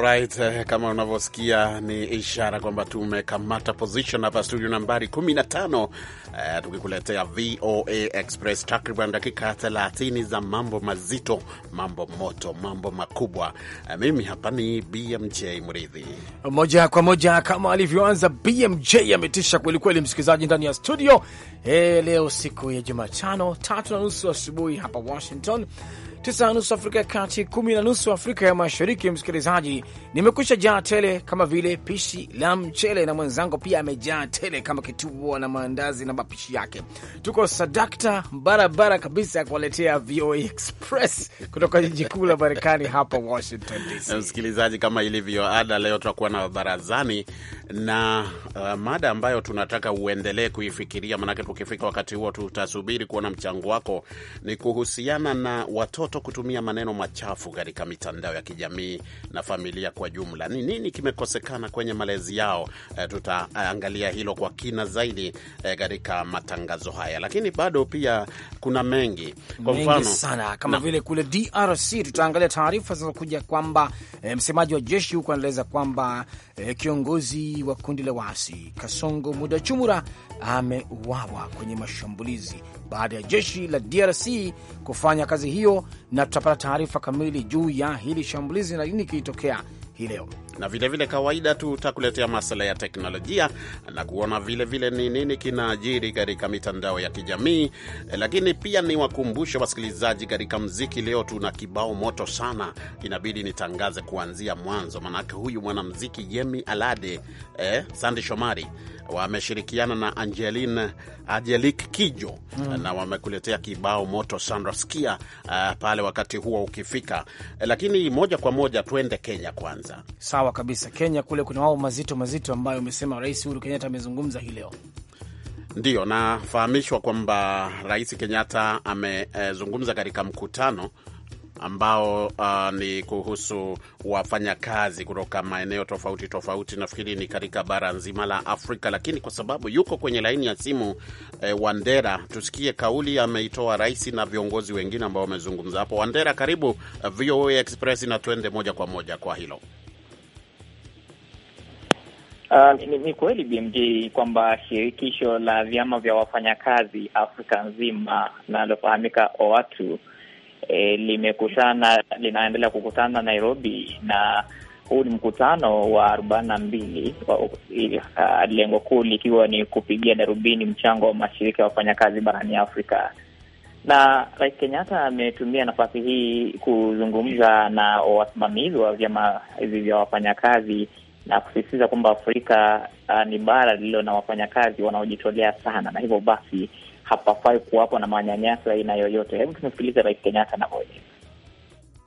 Alright, eh, kama unavyosikia ni ishara kwamba tumekamata position hapa studio nambari 15, uh, eh, tukikuletea VOA Express takriban dakika 30 za mambo mazito, mambo moto, mambo makubwa. Uh, mimi hapa ni BMJ Mridhi, moja kwa moja kama alivyoanza BMJ. Ametisha kwelikweli, msikilizaji ndani ya studio. Hey, leo siku ya Jumatano tatu na nusu asubuhi hapa Washington tisa na nusu Afrika ya Kati, kumi na nusu Afrika ya Mashariki. Msikilizaji, nimekusha jaa tele kama vile pishi la mchele, na mwenzangu pia amejaa tele kama kituo na maandazi na mapishi yake. Tuko sadakta barabara kabisa ya kuwaletea VOA Express kutoka jiji kuu la Marekani hapa Washington DC. Msikilizaji, kama ilivyo ada, leo tutakuwa na barazani na uh, mada ambayo tunataka uendelee kuifikiria, maanake tukifika wakati huo tutasubiri kuona mchango wako, ni kuhusiana na watoto watoto kutumia maneno machafu katika mitandao ya kijamii na familia kwa jumla. Ni nini kimekosekana kwenye malezi yao? E, tutaangalia hilo kwa kina zaidi e, katika matangazo haya, lakini bado pia kuna mengi, kwa mfano sana kama na vile kule DRC tutaangalia taarifa zinazokuja kwamba e, msemaji wa jeshi huko anaeleza kwamba e, kiongozi wa kundi la waasi Kasongo Mudachumura ameuawa kwenye mashambulizi baada ya jeshi la DRC kufanya kazi hiyo, na tutapata taarifa kamili juu ya hili shambulizi na nini kilitokea hii leo na vilevile vile kawaida, tu utakuletea masuala ya teknolojia na kuona vilevile ni nini kinaajiri katika mitandao ya kijamii, e, lakini pia ni wakumbushe wasikilizaji katika mziki. Leo tuna kibao moto sana, inabidi nitangaze kuanzia mwanzo, manake huyu mwanamziki Yemi Alade e, eh, Sandi Shomari wameshirikiana na Angeline Angelique Kijo mm, na wamekuletea kibao moto sanraskia uh, eh, pale wakati huo ukifika, lakini moja kwa moja tuende Kenya kwanza, sawa sawa kabisa. Kenya kule kuna wao mazito mazito ambayo umesema Rais Uhuru Kenyatta amezungumza hii leo. Ndiyo, nafahamishwa kwamba Rais Kenyatta amezungumza e, katika mkutano ambao uh, ni kuhusu wafanyakazi kutoka maeneo tofauti tofauti. Nafikiri ni katika bara nzima la Afrika, lakini kwa sababu yuko kwenye laini ya simu eh, Wandera, tusikie kauli ameitoa rais na viongozi wengine ambao wamezungumza hapo. Wandera, karibu uh, VOA Express na tuende moja kwa moja kwa hilo. Uh, ni, ni kweli BMJ kwamba shirikisho la vyama vya wafanyakazi Afrika nzima linalofahamika OATU e, limekutana linaendelea kukutana Nairobi, na huu ni mkutano wa arobaini na mbili uh, lengo kuu likiwa ni kupigia darubini mchango wa mashirika ya wafanyakazi barani Afrika na Rais Kenyatta ametumia nafasi hii kuzungumza na wasimamizi wa vyama hivi vya wafanyakazi na kusisitiza kwamba Afrika uh, ni bara lililo na wafanyakazi wanaojitolea sana, na hivyo basi hapafai kuwapo na manyanyaso aina yoyote. Hebu Rais Kenyatta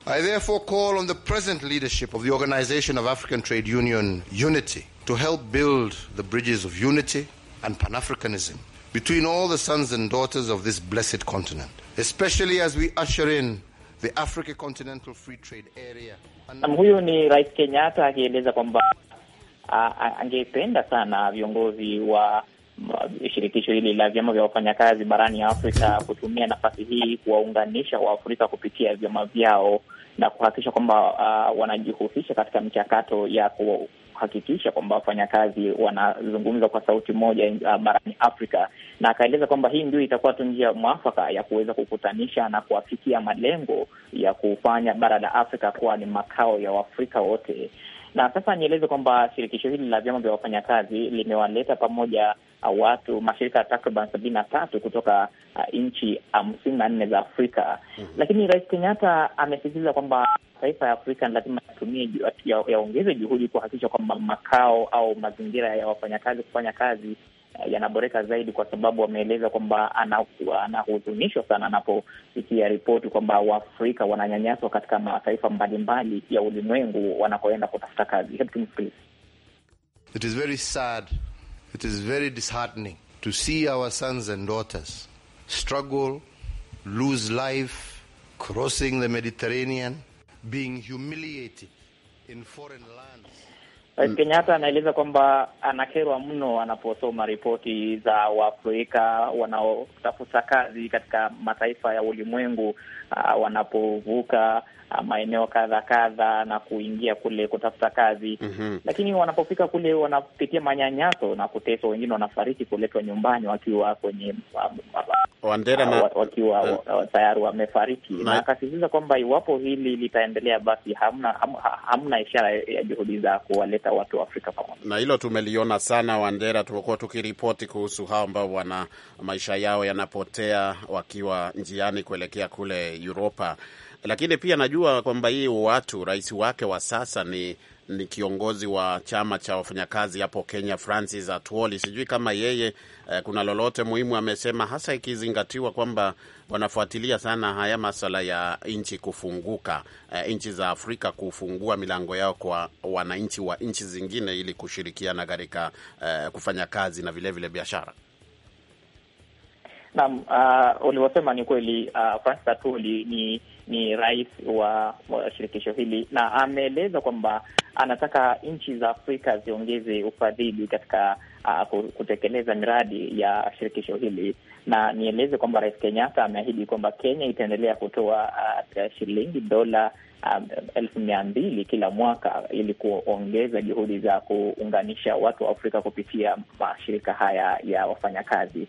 I therefore call on the present leadership of the Organization of African Trade Union, UNITY, to help build the bridges of unity and pan-Africanism between all the sons and daughters of this blessed continent, especially as we usher in the Africa Continental Free Trade Area. Huyu ni Rais Kenyatta akieleza kwamba angependa sana viongozi wa shirikisho hili la vyama vya wafanyakazi barani Afrika kutumia nafasi hii kuwaunganisha Waafrika kupitia vyama vyao na kuhakikisha kwamba uh, wanajihusisha katika mchakato ya ku kuhakikisha kwamba wafanyakazi wanazungumza kwa sauti moja uh, barani Afrika, na akaeleza kwamba hii ndio itakuwa tu njia mwafaka ya kuweza kukutanisha na kuafikia malengo ya kufanya bara la Afrika kuwa ni makao ya Waafrika wote na sasa nieleze kwamba shirikisho hili la vyama vya wafanyakazi limewaleta pamoja uh, watu mashirika takriban sabini na tatu kutoka uh, nchi hamsini um, na nne za Afrika mm -hmm. Lakini Rais Kenyatta amesisitiza kwamba mataifa ya Afrika lazima yatumie yaongeze ya juhudi kuhakikisha kwamba makao au mazingira ya wafanyakazi kufanya kazi Eh, yanaboreka zaidi, kwa sababu wameeleza kwamba anahuzunishwa ana sana anaposikia ripoti kwamba Waafrika wananyanyaswa katika mataifa mbalimbali ya ulimwengu wanakoenda kutafuta kazi. Hebu tumsikilize. It is very sad. It is very disheartening to see our sons and daughters struggle, lose life, crossing the Mediterranean, being humiliated in foreign lands. Rais eh, mm. Kenyatta anaeleza kwamba anakerwa mno anaposoma ripoti za Waafrika wanaotafuta kazi katika mataifa ya ulimwengu, uh, wanapovuka Uh, maeneo kadha kadha na kuingia kule kutafuta kazi mm -hmm. Lakini wanapofika kule wanapitia manyanyaso na kuteswa, wengine wanafariki kuletwa nyumbani wakiwa kwenye uh, Wandera na uh, wakiwa hmm. tayari wamefariki, na akasisitiza kwamba iwapo hili litaendelea, basi hamna hamna ishara ya juhudi za kuwaleta watu wa Afrika pamoja. Na hilo tumeliona sana Wandera, tumekuwa tukiripoti kuhusu hao ambao wana maisha yao yanapotea wakiwa njiani kuelekea kule Uropa. Lakini pia najua kwamba hii watu rais wake wa sasa ni ni kiongozi wa chama cha wafanyakazi hapo Kenya, Francis Atwoli. Sijui kama yeye eh, kuna lolote muhimu amesema, hasa ikizingatiwa kwamba wanafuatilia sana haya maswala ya nchi kufunguka, eh, nchi za Afrika kufungua milango yao kwa wananchi wa nchi zingine ili kushirikiana katika eh, kufanya kazi na vilevile biashara. Naam, uh, ulivyosema ni kweli. Uh, Francis Atwoli ni ni rais wa, wa shirikisho hili na ameeleza kwamba anataka nchi za Afrika ziongeze ufadhili katika uh, kutekeleza miradi ya shirikisho hili. Na nieleze kwamba Rais Kenyatta ameahidi kwamba Kenya itaendelea kutoa uh, shilingi dola um, elfu mia mbili kila mwaka ili kuongeza juhudi za kuunganisha watu wa Afrika kupitia mashirika haya ya wafanyakazi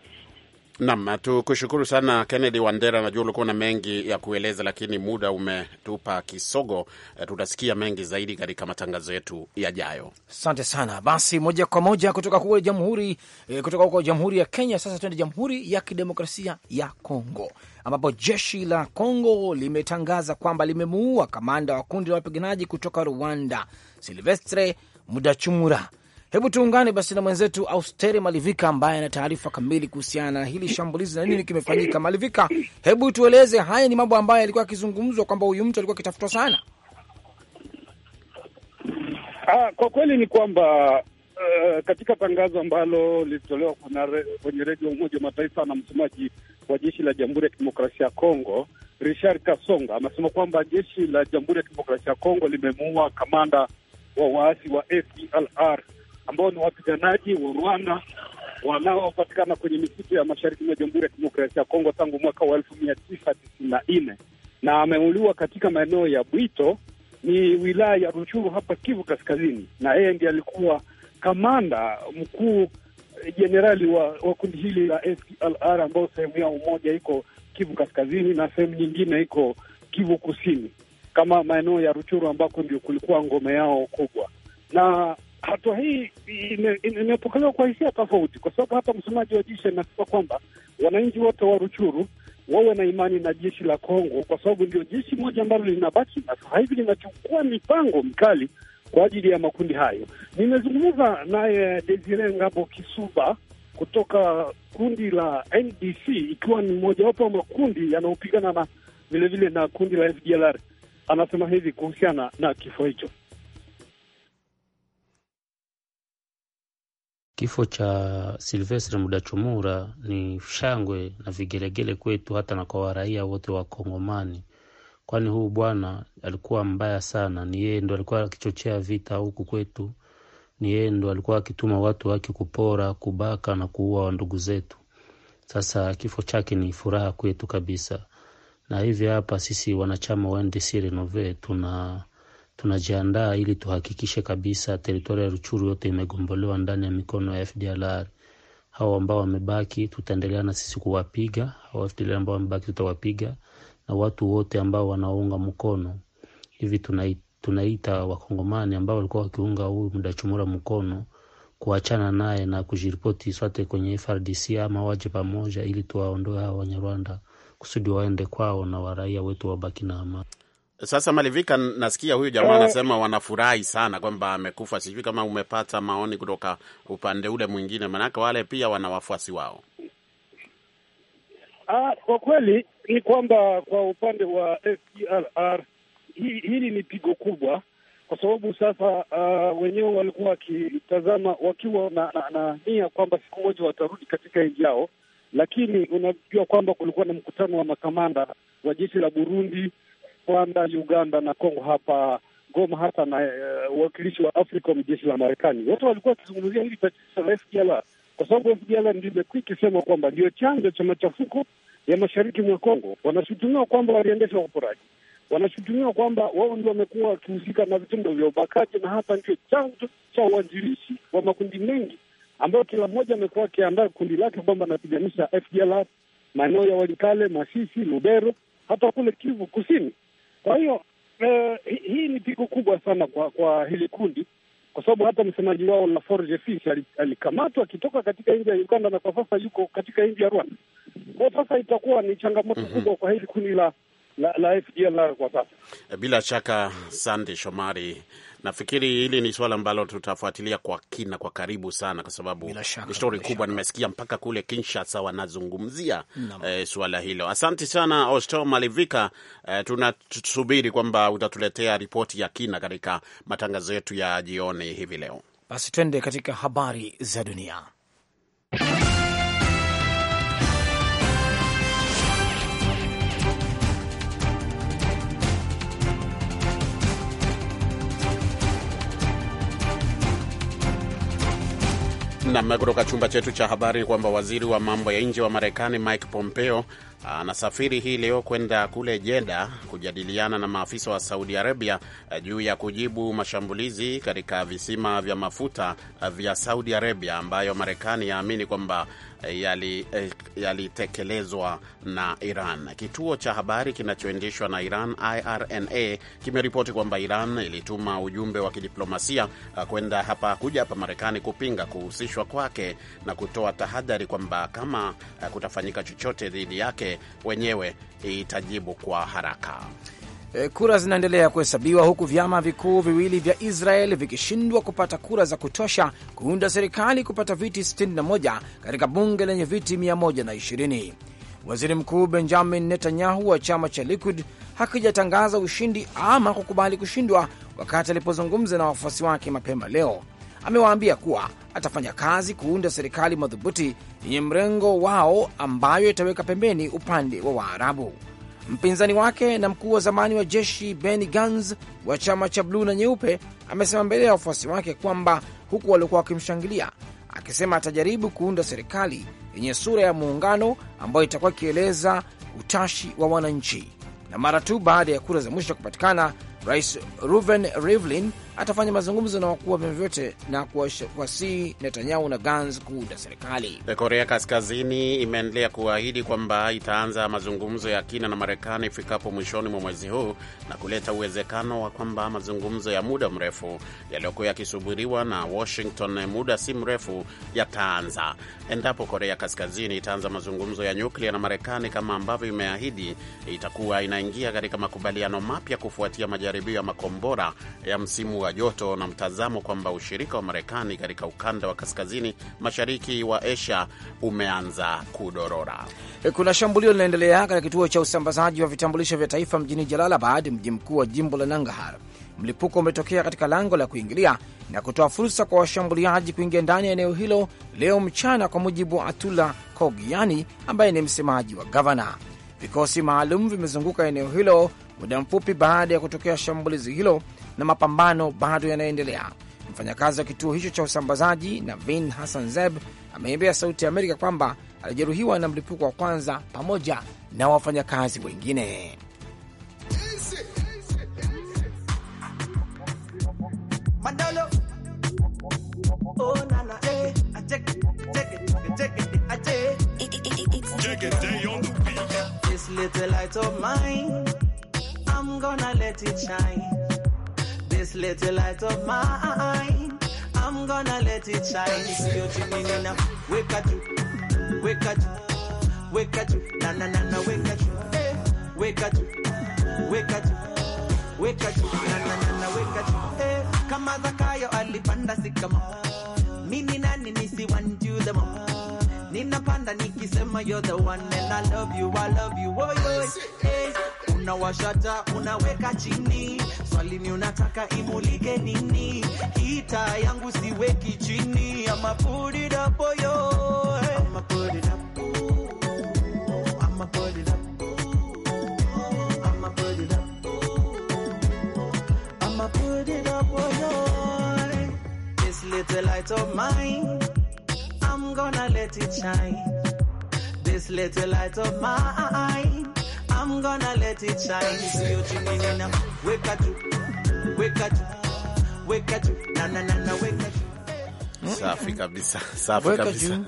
nam tukushukuru sana Kennedy Wandera, najua ulikuwa na mengi ya kueleza, lakini muda umetupa kisogo. Eh, tutasikia mengi zaidi katika matangazo yetu yajayo. Asante sana. Basi moja kwa moja kutoka huko jamhuri eh, kutoka huko jamhuri ya Kenya, sasa tuende Jamhuri ya Kidemokrasia ya Kongo ambapo jeshi la Kongo limetangaza kwamba limemuua kamanda wa kundi la wapiganaji kutoka Rwanda Silvestre Mudachumura Hebu tuungane basi na mwenzetu Austeri Malivika ambaye ana taarifa kamili kuhusiana na hili shambulizi na nini kimefanyika. Malivika, hebu tueleze, haya ni mambo ambayo yalikuwa yakizungumzwa kwamba huyu mtu alikuwa akitafutwa sana. Ah, kwa kweli ni kwamba uh, katika tangazo ambalo lilitolewa kwenye redio Umoja wa Mataifa na msemaji wa jeshi la Jamhuri ya Kidemokrasia ya Kongo Richard Kasonga amesema kwamba jeshi la Jamhuri ya Kidemokrasia ya Kongo limemuua kamanda wa waasi wa FDLR ambao ni wapiganaji wa Rwanda wanaopatikana kwenye misitu ya mashariki mwa Jamhuri ya Kidemokrasia ya Kongo tangu mwaka wa elfu mia tisa tisini na nne na ameuliwa katika maeneo ya Bwito, ni wilaya ya Ruchuru hapa Kivu Kaskazini, na yeye ndiye alikuwa kamanda mkuu eh, jenerali wa, wa kundi hili la FDLR ambao sehemu yao moja iko Kivu Kaskazini na sehemu nyingine iko Kivu Kusini, kama maeneo ya Ruchuru ambako ndio kulikuwa ngome yao kubwa. Na hatua hii imepokelewa kwa hisia tofauti, kwa sababu hapa msemaji wa jeshi anasema kwamba wananchi wote wa Ruchuru wawe na imani na jeshi la Kongo, kwa sababu ndio jeshi moja ambalo linabaki na sasa hivi linachukua mipango mikali kwa ajili ya makundi hayo. Nimezungumza naye Desire Ngabo Kisuba kutoka kundi la NDC, ikiwa ni mojawapo wa makundi yanayopigana na vilevile na kundi la FDLR. Anasema hivi kuhusiana na kifo hicho. Kifo cha Silvestre Mudachumura ni shangwe na vigelegele kwetu hata na kwa waraia wote wa Kongomani, kwani huu bwana alikuwa mbaya sana. Ni yeye ndo alikuwa akichochea vita huku kwetu, ni yeye ndo alikuwa akituma watu wake kupora, kubaka na kuua ndugu zetu. Sasa kifo chake ni furaha kwetu kabisa, na hivi hapa sisi wanachama wa NDC Renove tuna tunajiandaa ili tuhakikishe kabisa teritori ya Ruchuru yote imegombolewa ndani ya mikono ya FDLR. Hao ambao wamebaki, tutaendelea na sisi kuwapiga hao FDLR ambao wamebaki, tutawapiga na watu wote ambao wanaunga mkono hivi tunaita, tunaita wakongomani ambao walikuwa wakiunga huyu Mudachumura mkono kuachana naye na kujiripoti sote kwenye FRDC ama waje pamoja, ili tuwaondoe hao Wanyarwanda kusudi waende kwao na waraia wetu wabaki na amani. Sasa Malivika, nasikia huyu jamaa eh. anasema wanafurahi sana kwamba amekufa. Sijui kama umepata maoni kutoka upande ule mwingine, maanake wale pia wana wafuasi wao. Aa, ah, kwa kweli ni kwamba kwa upande wa FDLR hili, hili ni pigo kubwa, kwa sababu sasa uh, wenyewe walikuwa wakitazama wakiwa na, na, na nia kwamba siku moja watarudi katika nchi yao, lakini unajua kwamba kulikuwa na mkutano wa makamanda wa jeshi la Burundi Rwanda, Uganda na Kongo hapa Goma, hata na uwakilishi eh, uh, wa AFRICOM, jeshi la Marekani, wote walikuwa wakizungumzia hili tatizo la FDLR kwa sababu FDLR ndio imekuwa ikisema kwamba ndio chanzo cha machafuko ya mashariki mwa Kongo. Wanashutumiwa kwamba waliendesha uporaji, wanashutumiwa kwamba wao ndio wamekuwa wakihusika na vitendo vya ubakaji, na hata ndio chanzo cha uanzilishi wa makundi mengi ambayo kila mmoja amekuwa akiandaa kundi lake kwamba anapiganisha FDLR maeneo ya Walikale, Masisi, Lubero, hata kule Kivu Kusini. Kwa hiyo eh, hii ni pigo kubwa sana kwa kwa hili kundi, kwa sababu hata msemaji wao Forge Fish alikamatwa akitoka katika nchi ya Uganda na kwa sasa yuko katika nchi ya Rwanda. Kwa sasa itakuwa ni changamoto mhm. kubwa kwa hili kundi la la, la FDLR kwa sasa. Bila shaka, Sande Shomari, nafikiri hili ni suala ambalo tutafuatilia kwa kina, kwa karibu sana, kwa sababu stori kubwa nimesikia mpaka kule Kinshasa wanazungumzia eh, suala hilo. Asante sana Osto Malivika, eh, tunasubiri kwamba utatuletea ripoti ya kina katika matangazo yetu ya jioni hivi leo. Basi twende katika habari za dunia. Nam, kutoka chumba chetu cha habari kwamba waziri wa mambo ya nje wa Marekani Mike Pompeo anasafiri hii leo kwenda kule jeda kujadiliana na maafisa wa Saudi Arabia eh, juu ya kujibu mashambulizi katika visima vya mafuta eh, vya Saudi Arabia ambayo Marekani yaamini kwamba eh, yalitekelezwa yali na Iran. Kituo cha habari kinachoendeshwa na Iran IRNA kimeripoti kwamba Iran ilituma ujumbe wa kidiplomasia kwenda hapa kuja hapa Marekani kupinga kuhusishwa kwake na kutoa tahadhari kwamba kama kutafanyika chochote dhidi yake wenyewe itajibu kwa haraka. E, kura zinaendelea kuhesabiwa huku vyama vikuu viwili vya Israel vikishindwa kupata kura za kutosha kuunda serikali kupata viti 61 katika bunge lenye viti 120. Waziri Mkuu Benjamin Netanyahu wa chama cha Likud hakijatangaza ushindi ama kukubali kushindwa wakati alipozungumza na wafuasi wake mapema leo amewaambia kuwa atafanya kazi kuunda serikali madhubuti yenye mrengo wao ambayo itaweka pembeni upande wa Waarabu. Mpinzani wake na mkuu wa zamani wa jeshi Benny Gantz wa chama cha bluu na nyeupe amesema mbele ya wafuasi wake kwamba huku waliokuwa wakimshangilia, akisema atajaribu kuunda serikali yenye sura ya muungano ambayo itakuwa ikieleza utashi wa wananchi. Na mara tu baada ya kura za mwisho kupatikana, rais Ruven Rivlin atafanya mazungumzo na wakuu wa vyama vyote na kuwasihi Netanyahu na Gans kuunda serikali. Korea Kaskazini imeendelea kuahidi kwamba itaanza mazungumzo ya kina na Marekani ifikapo mwishoni mwa mwezi huu na kuleta uwezekano wa kwamba mazungumzo ya muda mrefu yaliyokuwa yakisubiriwa na Washington muda si mrefu yataanza endapo Korea Kaskazini itaanza mazungumzo ya nyuklia na Marekani kama ambavyo imeahidi. Itakuwa inaingia katika makubaliano mapya kufuatia majaribio ya makombora ya msimu wa joto na mtazamo kwamba ushirika wa Marekani katika ukanda wa kaskazini mashariki wa Asia umeanza kudorora. Eh, kuna shambulio linaendelea katika kituo cha usambazaji wa vitambulisho vya taifa mjini Jalalabad, mji mkuu wa jimbo la nangahar Mlipuko umetokea katika lango la kuingilia na kutoa fursa kwa washambuliaji kuingia ndani ya eneo hilo leo mchana, kwa mujibu wa Atula Kogiani ambaye ni msemaji wa gavana. Vikosi maalum vimezunguka eneo hilo muda mfupi baada ya kutokea shambulizi hilo na mapambano bado yanaendelea. Mfanyakazi wa kituo hicho cha usambazaji Navin Hassan Zeb ameiambia Sauti ya Amerika kwamba alijeruhiwa na mlipuko wa kwanza pamoja na wafanyakazi wengine. this little light of mine. I'm gonna let it shine. It's beauty in enough. Wake at you, wake at you, wake at you. Na na na na, wake at you, hey. wake at you, wake at you, wake at you. Na na na na, wake at you, hey. Kama Zakayo alipanda sikama, mimi nani nisiwanjudemo ninapanda nikisema you're the one and I love you, I love you, oh, yo, hey. Unawashata, unaweka chini, swali ni unataka imulike nini? Kita yangu siweki chini, I'ma put it up, oh, yo. I'ma put it up, put it up, little light of mine I'm gonna let it shine. This little light of mine, I'm gonna let it shine. Wake up, wake up, wake up, na na na na, wake up. Hmm? Safi kabisa, safi kabisa,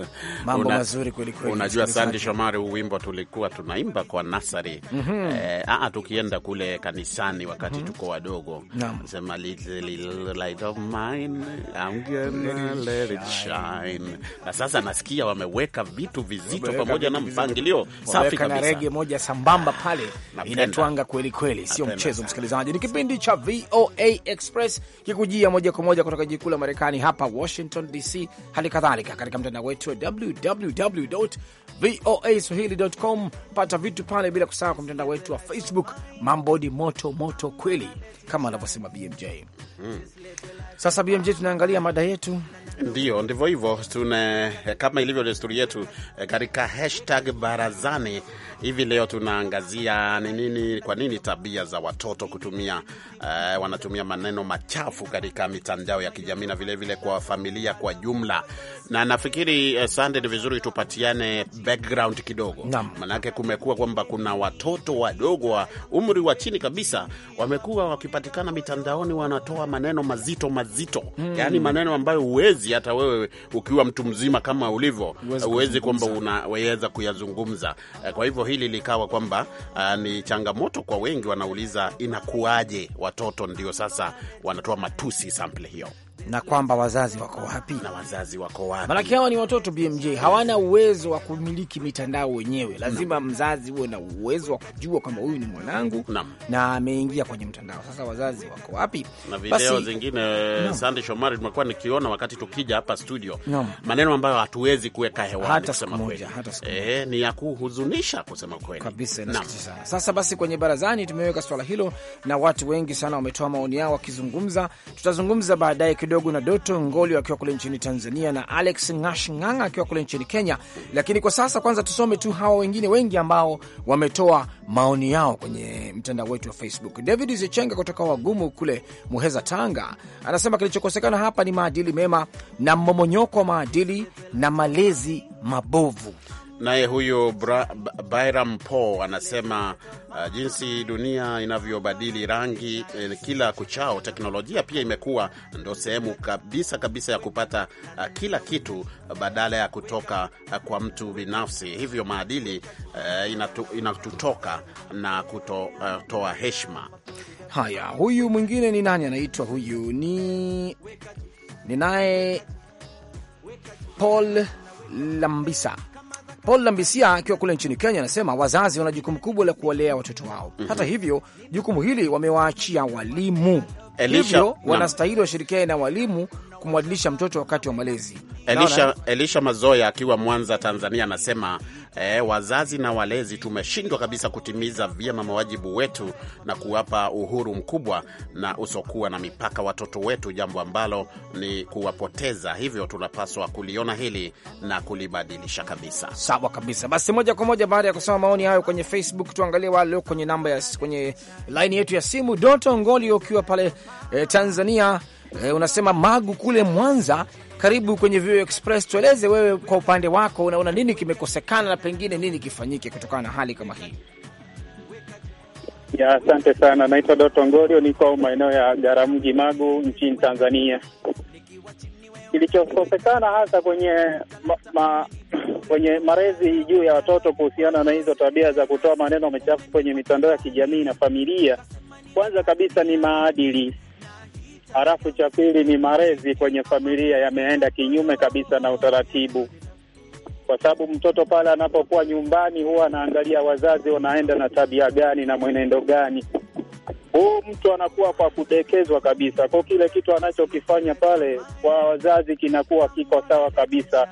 mambo mazuri kweli kweli. Unajua Sandi Shomari, huu wimbo tulikuwa tunaimba kwa nasari mhm. Eh, a ah, ah, tukienda kule kanisani wakati mhm. tuko wadogo Sema little, little light of mine I'm gonna let it shine. Na sasa nasikia wameweka vitu vizito pamoja na mpangilio safi kabisa, na rege moja sambamba pale inatwanga kweli kweli, sio mchezo. Msikilizaji, ni kipindi cha VOA Express kikujia moja kwa moja kutoka jikuu la Marekani hapa Washington DC, hali kadhalika katika mtandao wetu wa www voa swahili.com. Pata vitu pale, bila kusahau kwa mtandao wetu wa Facebook. Mambo ni moto moto kweli, kama anavyosema BMJ. Mm. Sasa BMJ, tunaangalia mada yetu. Ndio, ndivyo hivyo, tuna eh, kama ilivyo desturi yetu eh, katika hashtag barazani hivi leo tunaangazia ni nini, kwa nini tabia za watoto kutumia uh, wanatumia maneno machafu katika mitandao ya kijamii na vilevile kwa familia kwa jumla, na nafikiri uh, Sande, ni vizuri tupatiane background kidogo, maanake kumekuwa kwamba kuna watoto wadogo wa umri wa chini kabisa wamekuwa wakipatikana mitandaoni wanatoa maneno mazito mazito mm. Yaani maneno ambayo huwezi hata wewe ukiwa mtu mzima kama ulivyo huwezi kwamba unaweza kuyazungumza. Eh, kwa hivyo hili likawa kwamba uh, ni changamoto kwa wengi, wanauliza inakuwaje watoto ndio sasa wanatoa matusi sample hiyo na kwamba wazazi wako wapi na wazazi wako wapi. Maanake hawa ni watoto BMJ, hawana uwezo wa kumiliki mitandao wenyewe. Lazima na mzazi huwe na uwezo wa kujua kwamba huyu ni mwanangu na ameingia kwenye mtandao. Sasa wazazi wako wapi? Na video Basi, zingine no. Sande Shomari, tumekuwa nikiona wakati tukija hapa studio no. maneno ambayo hatuwezi kuweka hewani hata kusema kweli eh, ni ya kuhuzunisha kusema kweli kabisa na. Sasa basi kwenye barazani tumeweka swala hilo na watu wengi sana wametoa maoni yao wakizungumza, tutazungumza baadaye kidogo na Doto Ngoli akiwa kule nchini Tanzania na Alex Ngash Ng'anga akiwa kule nchini Kenya. Lakini kwa sasa kwanza tusome tu hawa wengine wengi ambao wametoa maoni yao kwenye mtandao wetu wa Facebook. David Zichenga kutoka Wagumu kule Muheza, Tanga, anasema kilichokosekana hapa ni maadili mema na mmomonyoko wa maadili na malezi mabovu. Naye huyu Byram Paul anasema uh, jinsi dunia inavyobadili rangi eh, kila kuchao, teknolojia pia imekuwa ndo sehemu kabisa kabisa ya kupata uh, kila kitu badala ya kutoka uh, kwa mtu binafsi. Hivyo maadili uh, inatu, inatutoka na kutoa uh, heshima. Haya, huyu mwingine ni nani? Anaitwa huyu ni ni naye Paul Lambisa Paul Lambisia akiwa kule nchini Kenya anasema wazazi wana jukumu kubwa la kuwalea watoto wao. mm -hmm. Hata hivyo jukumu hili wamewaachia walimu, hivyo wanastahili washirikiane na walimu kumwadilisha mtoto wakati wa malezi. Elisha, Elisha Mazoya akiwa Mwanza, Tanzania anasema eh, wazazi na walezi tumeshindwa kabisa kutimiza vyema mawajibu wetu na kuwapa uhuru mkubwa na usokuwa na mipaka watoto wetu, jambo ambalo ni kuwapoteza. Hivyo tunapaswa kuliona hili na kulibadilisha kabisa. Sawa kabisa. Basi moja kwa moja baada ya kusoma maoni hayo kwenye Facebook, tuangalie wale kwenye namba ya kwenye laini yetu ya simu. Doto Ngoli ukiwa pale eh, Tanzania e, unasema Magu kule Mwanza, karibu kwenye Vio Express. Tueleze wewe kwa upande wako unaona nini kimekosekana na pengine nini kifanyike kutokana na hali kama hii. Ya, asante sana. Naitwa Doto Ngorio, niko maeneo ya Garamji, Magu, nchini Tanzania. Kilichokosekana hasa kwenye ma, ma, kwenye malezi juu ya watoto kuhusiana na hizo tabia za kutoa maneno machafu kwenye mitandao ya kijamii na familia, kwanza kabisa ni maadili. Halafu cha pili ni malezi kwenye familia yameenda kinyume kabisa na utaratibu, kwa sababu mtoto pale anapokuwa nyumbani huwa anaangalia wazazi wanaenda na tabia gani na mwenendo gani. Huu mtu anakuwa kwa kudekezwa kabisa, kwa kile kitu anachokifanya pale kwa wazazi kinakuwa kiko sawa kabisa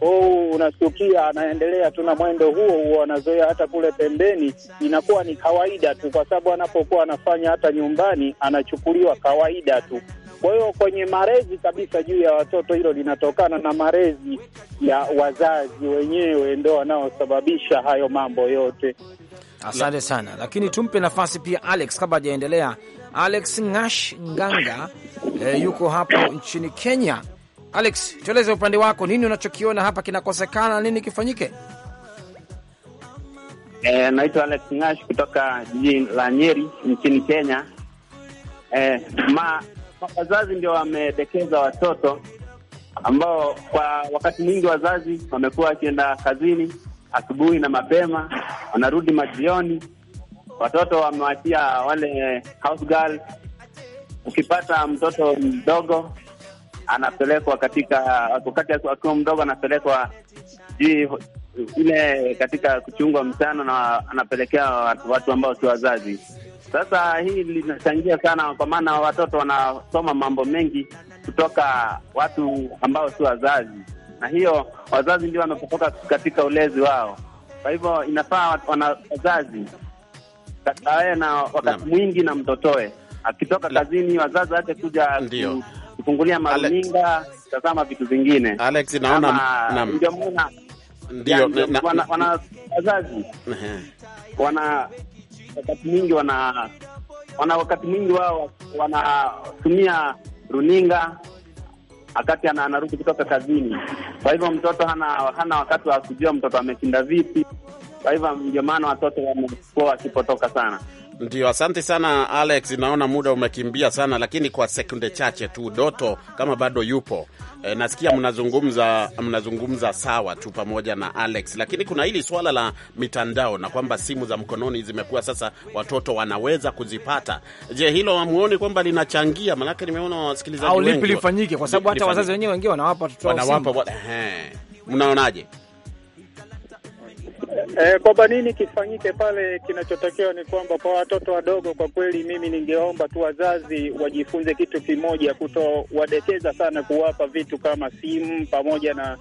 huu oh, unasikia anaendelea tu na mwendo huo huo, anazoea hata kule pembeni, inakuwa ni kawaida tu, kwa sababu anapokuwa anafanya hata nyumbani anachukuliwa kawaida tu. Kwa hiyo kwenye malezi kabisa juu ya watoto, hilo linatokana na malezi ya wazazi wenyewe, ndo wanaosababisha hayo mambo yote. Asante sana, lakini tumpe nafasi pia Alex kabla hajaendelea. Alex Ngash Nganga eh, yuko hapo nchini Kenya Alex, tueleze upande wako, nini unachokiona hapa kinakosekana, nini kifanyike? E, naitwa Alex Ngash kutoka jiji la Nyeri nchini Kenya. E, ma wazazi ndio wamedekeza watoto ambao kwa wakati mwingi wazazi wamekuwa wakienda kazini asubuhi na mapema, wanarudi majioni. Watoto wamewachia wale house girl. Ukipata mtoto mdogo anapelekwa katika wakati akiwa mdogo, anapelekwa jii ile katika kuchungwa mchana, na anapelekea watu ambao si wazazi. Sasa hii linachangia sana, kwa maana watoto wanasoma mambo mengi kutoka watu ambao si wazazi, na hiyo wazazi ndio wamepotoka katika ulezi wao. Kwa hivyo inafaa wana wazazi kakae na wakati mwingi na mtotoe akitoka kazini, wazazi waache kuja kufungulia maruninga, tazama vitu vingine. Alex, naona ndio muona ndio wana wana wazazi wana wakati mwingi wana wana wakati mwingi wao wanatumia runinga wakati anarudi kutoka kazini. Kwa hivyo mtoto hana hana wakati wa kujua mtoto ameshinda vipi. Kwa hivyo ndio maana watoto wamekuwa wakipotoka sana. Ndio, asante sana Alex. Naona muda umekimbia sana, lakini kwa sekunde chache tu, Doto kama bado yupo e, nasikia mnazungumza mnazungumza sawa tu pamoja na Alex, lakini kuna hili swala la mitandao na kwamba simu za mkononi zimekuwa sasa watoto wanaweza kuzipata. Je, hilo hamuoni kwamba linachangia? Maanake nimeona wasikilizaji wengi au lipi lifanyike, kwa sababu hata wazazi wenyewe wengine wanawapa watoto wao simu, wanawapa. Mnaonaje? E, kwamba nini kifanyike pale, kinachotakiwa ni kwamba kwa watoto wadogo, kwa kweli mimi ningeomba tu wazazi wajifunze kitu kimoja, kutowadekeza sana, kuwapa vitu kama simu pamoja na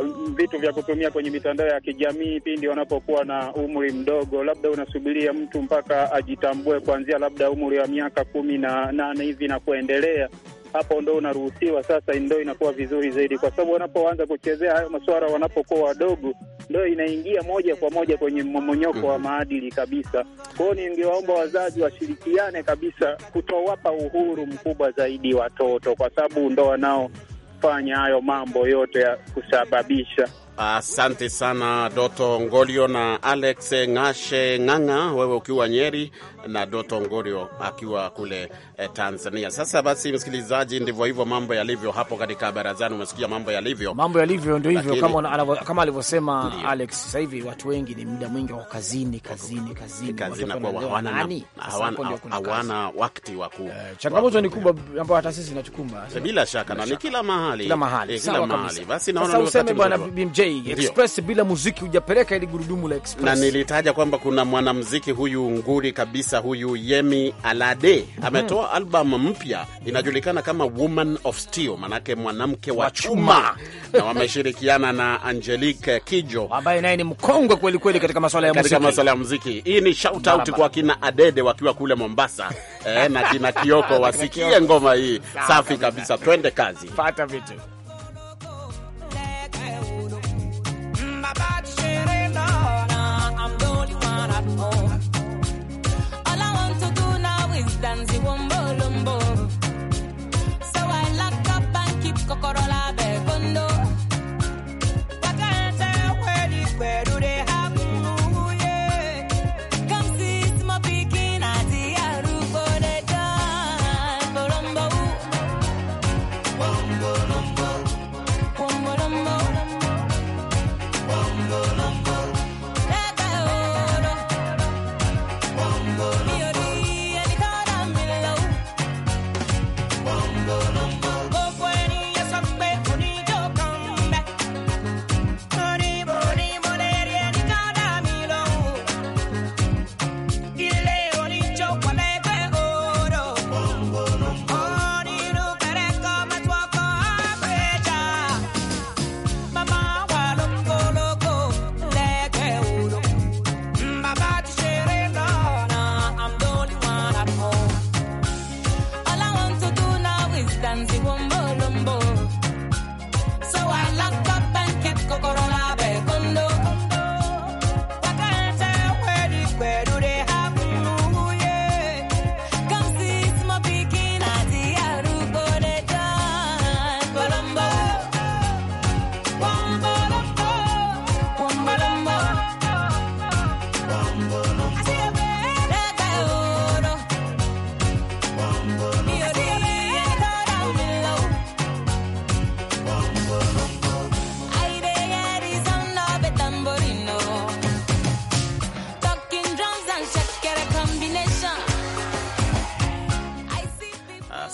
uh, vitu vya kutumia kwenye mitandao ya kijamii pindi wanapokuwa na umri mdogo. Labda unasubiria mtu mpaka ajitambue kuanzia labda umri wa miaka kumi na nane hivi na kuendelea hapo ndo unaruhusiwa sasa, ndo inakuwa vizuri zaidi, kwa sababu wanapoanza kuchezea hayo masuala wanapokuwa wadogo, ndo inaingia moja kwa moja kwenye mmomonyoko wa maadili kabisa. Kwao ningewaomba wazazi washirikiane kabisa kutowapa uhuru mkubwa zaidi watoto, kwa sababu ndo wanaofanya hayo mambo yote ya kusababisha Asante sana Doto Ngolio na Alex Ngashe Ng'ang'a, wewe ukiwa Nyeri na Doto Ngolio akiwa kule Eh, Tanzania. Sasa basi, msikilizaji, ndivyo hivyo mambo yalivyo hapo katika barazani. Umesikia mambo yalivyo, mambo yalivyo ndio hivyo Lakini... kama, kama alivyosema Alex, sasa hivi watu wengi ni muda mwingi wako kazini, kazini, kazini, kazini, hawana hawana wakati wa ku. Eh, changamoto ni kubwa ambayo hata sisi natukumba eh, bila shaka, na ni kila mahali, kila mahali, kila mahali. Basi naona useme bwana BMJ Express, bila muziki hujapeleka ile gurudumu la Express, na nilitaja kwamba kuna mwanamuziki huyu nguri kabisa, huyu Yemi Alade ametoa kutoa albamu mpya inajulikana kama Woman of Steel, manake mwanamke wa chuma na wameshirikiana na Angelique Kijo ambaye naye ni mkongwe kweli kweli katika masuala ya muziki. Katika masuala ya muziki, hii ni shout out kwa kina Adede wakiwa kule Mombasa eh, na kina Kioko wasikie ngoma hii safi kabisa. Twende kazi, fata vitu corolla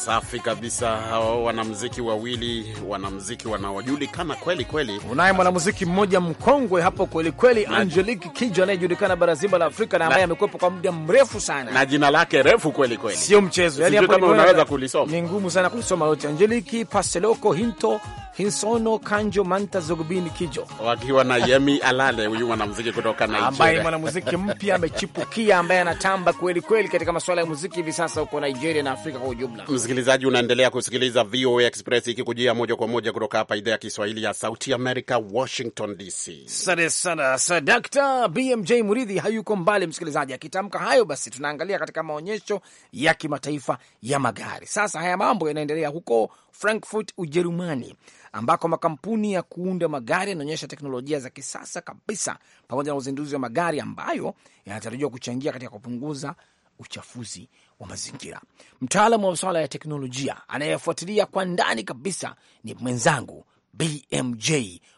Safi kabisa, hawa wanamuziki wawili, wanamuziki wanaojulikana kweli kweli. Unaye mwanamuziki mmoja mkongwe hapo kweli kweli, Angelique Kidjo anayejulikana bara zima la Afrika na ambaye amekuwepo kwa muda mrefu sana na jina lake refu kweli kweli, sio mchezo. Yani hapo unaweza kulisoma, ni ngumu sana kulisoma yote. Angelique Paseloko Hinto Hinsono Kanjo Manta Zogubini Kijo wakiwa na Yemi Alale, huyu mwanamuziki kutoka Nigeria ambaye mwanamuziki mpya amechipukia, ambaye anatamba kweli kweli katika masuala ya muziki hivi sasa huko Nigeria na Afrika kwa ujumla. Msikilizaji, unaendelea kusikiliza VOA Express ikikujia moja kwa moja kutoka hapa idhaa ya Kiswahili ya Sauti America, Washington DC. Asante sana sadakta BMJ Muridhi hayuko mbali msikilizaji. Akitamka hayo, basi tunaangalia katika maonyesho ya kimataifa ya magari. Sasa haya mambo yanaendelea huko Frankfurt, Ujerumani ambako makampuni ya kuunda magari yanaonyesha teknolojia za kisasa kabisa pamoja na uzinduzi wa magari ambayo yanatarajiwa kuchangia katika kupunguza uchafuzi wa mazingira. Mtaalamu wa masuala ya teknolojia anayefuatilia kwa ndani kabisa ni mwenzangu BMJ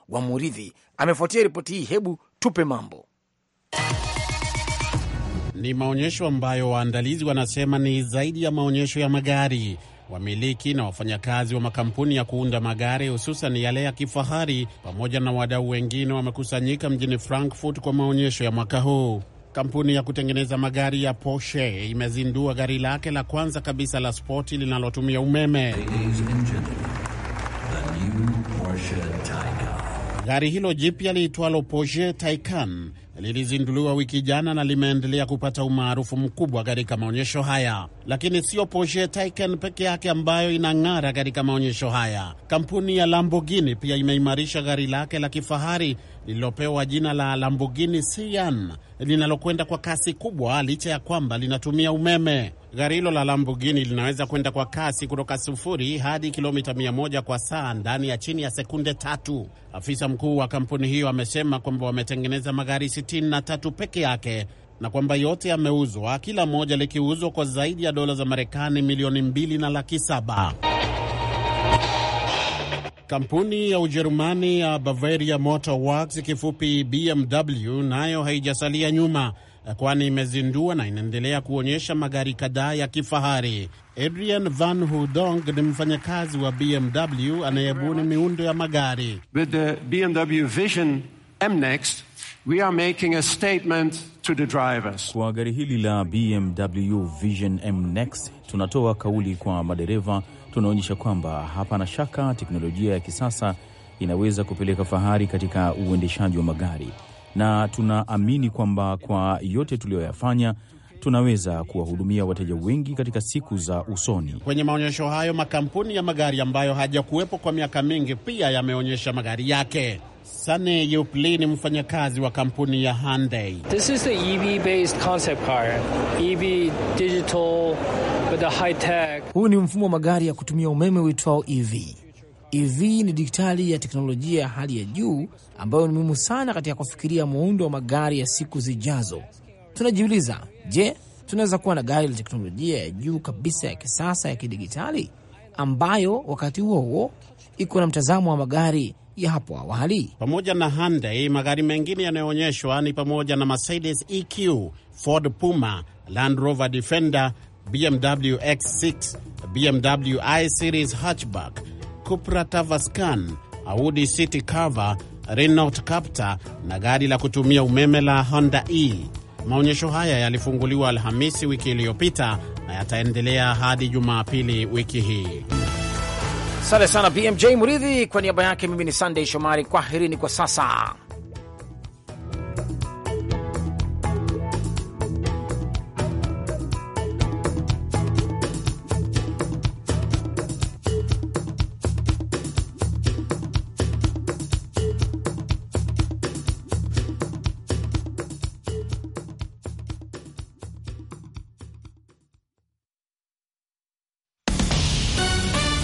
wa Muridhi, amefuatia ripoti hii. Hebu tupe mambo. Ni maonyesho ambayo waandalizi wanasema ni zaidi ya maonyesho ya magari wamiliki na wafanyakazi wa makampuni ya kuunda magari hususan yale ya kifahari pamoja na wadau wengine wamekusanyika mjini Frankfurt kwa maonyesho ya mwaka huu. Kampuni ya kutengeneza magari ya Porsche imezindua gari lake la kwanza kabisa la spoti linalotumia umeme. Gari hilo jipya liitwalo Porsche Taycan lilizinduliwa wiki jana na limeendelea kupata umaarufu mkubwa katika maonyesho haya. Lakini sio Porsche Taycan peke yake ambayo inang'ara katika maonyesho haya. Kampuni ya Lamborghini pia imeimarisha gari lake la kifahari lililopewa jina la Lamborghini Sian linalokwenda kwa kasi kubwa licha ya kwamba linatumia umeme. Gari hilo la Lamborghini linaweza kwenda kwa kasi kutoka sufuri hadi kilomita mia moja kwa saa ndani ya chini ya sekunde tatu. Afisa mkuu wa kampuni hiyo amesema kwamba wametengeneza magari 63 peke yake na kwamba yote yameuzwa, kila moja likiuzwa kwa zaidi ya dola za Marekani milioni mbili na laki saba. Kampuni ya Ujerumani ya Bavaria Motor Works kifupi BMW nayo haijasalia nyuma, kwani imezindua na inaendelea kuonyesha magari kadhaa ya kifahari. Adrian Van Hudong ni mfanyakazi wa BMW anayebuni miundo ya magari. With the BMW Vision M-Next, we are making a statement to the drivers. Kwa gari hili la BMW Vision M Next tunatoa kauli kwa madereva, tunaonyesha kwamba hapana shaka teknolojia ya kisasa inaweza kupeleka fahari katika uendeshaji wa magari, na tunaamini kwamba kwa yote tuliyoyafanya tunaweza kuwahudumia wateja wengi katika siku za usoni. Kwenye maonyesho hayo, makampuni ya magari ambayo hajakuwepo kwa miaka mingi pia yameonyesha magari yake. Sane Yupli ni mfanyakazi wa kampuni ya Hyundai. This is the EV based concept car. EV digital with the high tech. Huu ni mfumo wa magari ya kutumia umeme uitwao EV. EV ni dijitali ya teknolojia ya hali ya juu ambayo ni muhimu sana katika kufikiria muundo wa magari ya siku zijazo. Tunajiuliza, Je, tunaweza kuwa na gari la teknolojia ya juu kabisa ya kisasa ya kidigitali ambayo wakati huo huo iko na mtazamo wa magari ya hapo awali. Pamoja na Hyundai, magari mengine yanayoonyeshwa ni pamoja na Mercedes EQ, Ford Puma, Land Rover Defender, BMW X6, BMW iSeries Series hatchback, Cupra Tavascan, Audi City Cover, Renault Captur na gari la kutumia umeme la Honda E. Maonyesho haya yalifunguliwa Alhamisi wiki iliyopita na yataendelea hadi Jumapili wiki hii. Asante sana BMJ Muridhi, kwa niaba yake mimi ni sandey Shomari, kwaherini kwa sasa.